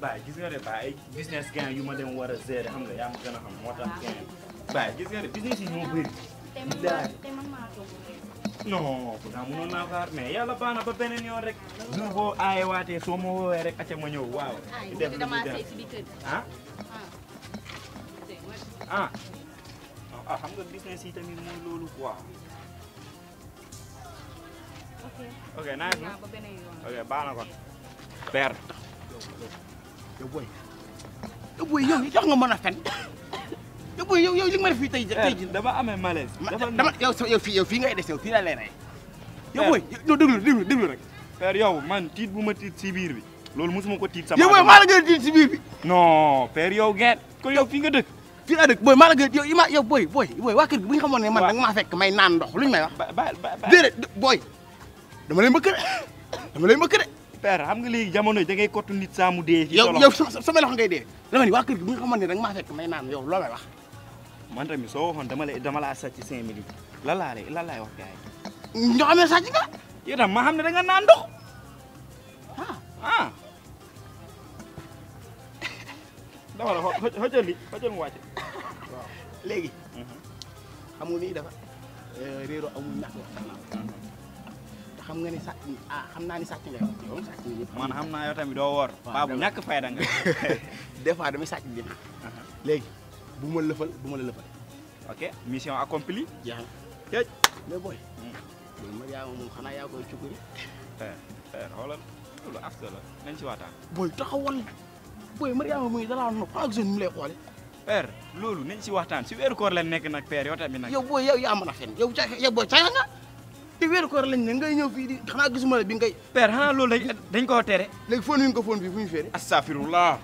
baay gis nga de yu ma dem war a gérer xam nga yaa ma gën a xam moo a gain baay gis nga de business yi ñoo bëri. non naa faar mais yàlla baax na ba beneen yoon rek. bu soo ma rek acca ma ñëw waaw. Ah, def lu muy def ah ah. ah ah xam nga business yi tamit naa ok baax na kon. père. yow booy yow booy yow jox nga mën a fen yow booy yow yow nga ma fii tey tey jii eh, dama amee malaise. dama yow yow fii ngay des yow fii laa lay rey. Eh. yow booy yow déglu déglu déglu rek. père man tiit bu ma tiit si biir bi loolu mosuma ko tiit sama. yow booy maa la gën a tiit si biir bi. non père yow gerte kon yow fii nga dëkk. fii laa dëkk booy maa la gën yow ima yow booy booy booy waa kër gi bu ñu xamoon ne man da maa fekk may naan lu ñu may wax. ba ba booy dama lay mbëkk de dama lay mbëkk père xam nga léegi jamono yi da ngay kottu nit saa mu ci yow yow sama loxo ngay dee. dama ni waa kër bu nga xamante ne da fekk may naan yow loo may wax. man tamit soo dama lay dama minutes lay wax nga. ma da nga ah ah. dama la xojal li xojal mu wàcce. waaw mhm. xam nga ni dafa eh, xam nga ni sàcc ah xam naa ni sàcc nga man xam naa yow tamit doo woor baa bu ñàkk fayda nga des fois damay sàcc léegi bu ma lëfal bu ma la lëfal ok mission accompli jeex na mais booy hmm. loolu ma yaa moom xanaa yaa koy cukuri eh, eh, xoolal loolu afta la nañ ci waxtaan booy taxawal booy Mariama muy dalaa nopp ak jeune mu lay xoole père loolu nañ ci waxtaan si weeru koor la nekk na père yow tamit na yow booy yow yaa mën a fen yow ca yow nga te weeru koor lañ ne ngay ñëw fii di xanaa gisuma la bi ngay. père xanaa loolu dañ koo tere. léegi fóon wi nga ko fóon fii fu ñu feere. astafirullah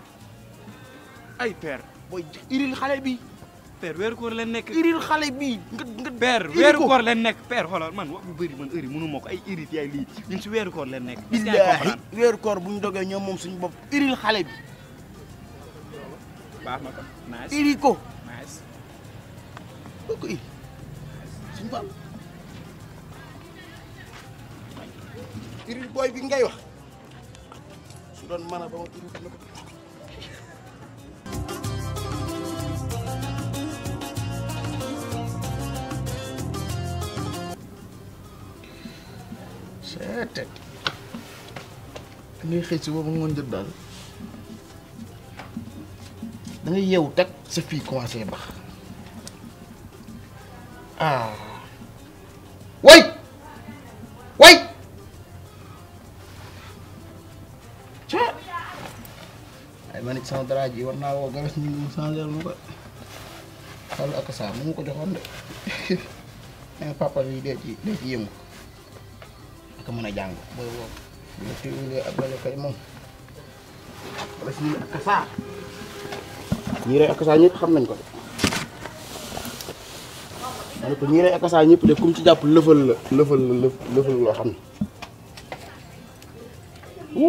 ay père booy iril xale bi. père weeru koor leen nekk. iril xale bi nga nga. père weeru koor leen nekk père xoolal man wax yu bëri man heure mënu ma ko ay irit yaay lii ñun si weeru koor leen nekk. billaahi weeru koor bu ñu dogee ñoom moom suñu bopp iril xale bi. baax na ko. naaj iri ko. naaj. kooku iri suñu bopp. iril boy bi ngay wax su doon mën ba iril dina ko seete chose C'est da ngay yew teg sa fi commencé bax ah way it sama dara ji war naa woo garas ñu mu changer ma ko Fallou ak saa mu ma ko joxoon de mais eh, papa bi dee ci dee ci yëngu ak mën a jàng booy woo bu la téewulee ak bale kay moom garas ñu ak saa ñii rey ak saa ñëpp xam nañ ko de ma ne ko ñii rey ak saa ñëpp de kum ci jàpp lëfal la lëfal la lëfal loo xam ne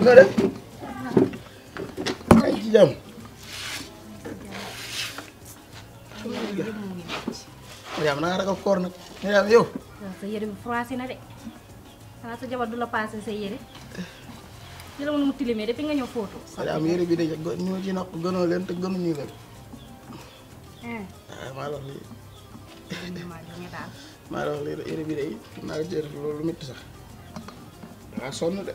nga def ay ci jàmm Mariam na nga ragal koor nag Mariam yow sa yére bi froissé na de xanaa sa jabar du la passé sa yére ci la mënu tilimé depuis nga ñëw photo Mariam yére bi de ñu ci nak gënoo leen te gënu ñu leen hein ma la li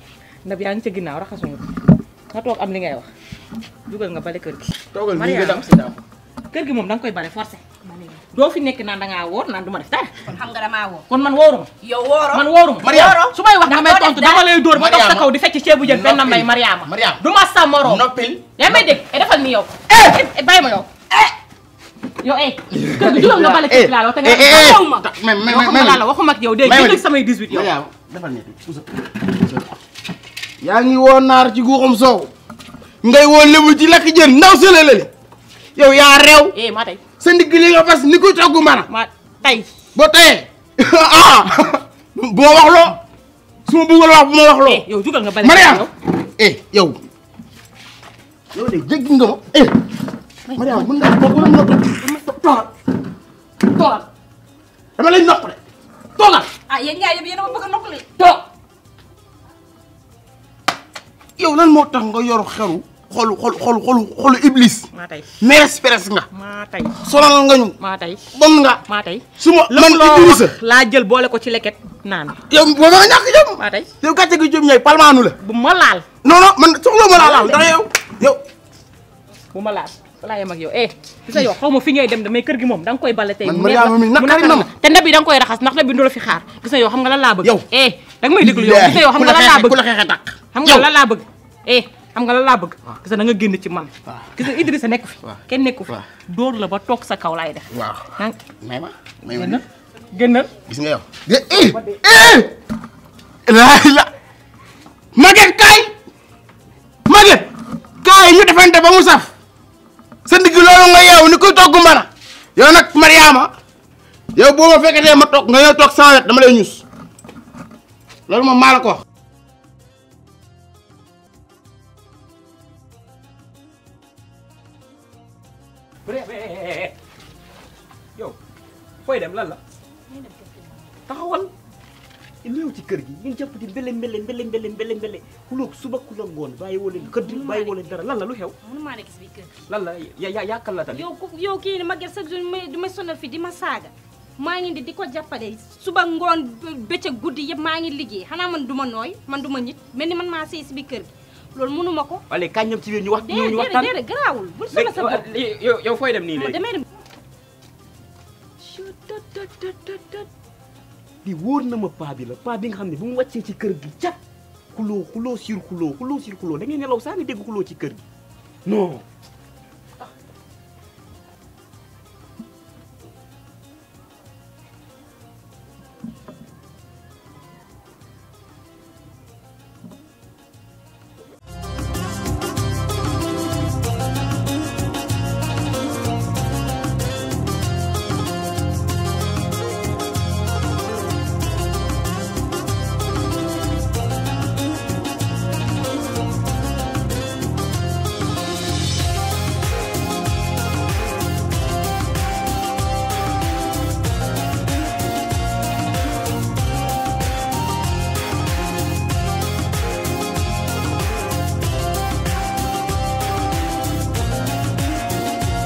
ndab yaa ngi ca ginnaaw raxasuñu ko nga toog am li ngay wax dugal nga bale kër gi. toogal nii nga dem kër gi moom da koy bale forcé. doo fi nekk naan da woor naan du ma def dara. kon xam nga damaa woor. kon man wooruma. yow wooroo man wooruma. Mariama su may wax damay tontu dama lay door ba dox sa kaw di fekk ceebu jën benn mbay Mariama. Mariama du ma sa morom. noppil yaa may dégg e defal ni yow. Eh! Eh, eh bàyyi ma yow. yow eh. kër gi jugal nga bale kër gi laa la te nga. waxuma la waxuma yow dégg nga samay 18 yow. Mariama yaangi ngi nar Yo ci yo, soow ngay woo lebu ci lak jeen ndaw sëlale li yow ya rew eh ma tay sa ndig li nga fas ni ko togg mana ma Yo bo tay ah bo wax lo suma bu wala bu ma wax lo eh, yow jugal nga bari mariam eh yow yow de jéggi nga eh mariam mun nga ko wala mën nga toog toogal toogal dama lay nopp de toogal ah yéen ñaar yëpp yéen ma bëgg a nopp li yow lan mo tax nga yor xeru xol xol xol xol iblis. ma tay mees peres nga. ma tay sonal nga ñu. ma tay bon nga. ma tay suma man Idrissa la jël bolé ko ci leket nan yow bo ma ñak jëm. ma tay yow gàcce gu jëm ñay palmanu la. bu ma laal. non non man soxlo ma laal da yow yow. bu ma laal yow eh. gis yo yow xawma fi ngay dem de kër gi mom dang koy balé tay man Mariama mi nakari nam te ndab yi koy raxas nak ndab bi la fi xaar gis yow xam nga la la bëgg. eh danga may déglu yow gis yow xam nga eh xam nga lan laa bëgg gis na nga génn ci man gis na Idrissa nekk fi kenn sa kaw def waaw may ma may ma gis nga yow eh eh la la maget kaay maget kaay ñu defante ba mu saf sa ndigg loolu nga yeew ni koy togg mbana yow nag Mariama yow bo ma ma tok ya, ya, nga tok dama lay ñuss loolu moom ma la ko wax. yow fooy dem i la taxawal léew kër gi ngeen jàpp di mbele mbele mbele mbele mbele mbele xuloog suba xuloog ngoon bàyyi woo leen xëdd bàyyi woo dara lan la lu xew mënu la la yaa yaa kan la tamit yow yow kii ni ma gër chaque jour du may sonal fi di ma saaga maa ngi di di ko jàppale suba ngoon bëccëg guddi yëpp maa ngi liggéey xanaa man du ma nooy man du ma nit mel ni man maa sëy si biir kër gi loolu mënu ko. wala kañ ñoom ci biir ñu wax. ñu waxtaan déedéet déedéet garaawul sa bopp yow yow fooy dem nii léegi. damay dem. di wóor na ma paa bi la paa bi nga xam ne bu mu wàccee ci kër gi ca xuloo xuloo sur xuloo xuloo sur xuloo da nelaw saa ngi dégg xuloo ci kër gi non.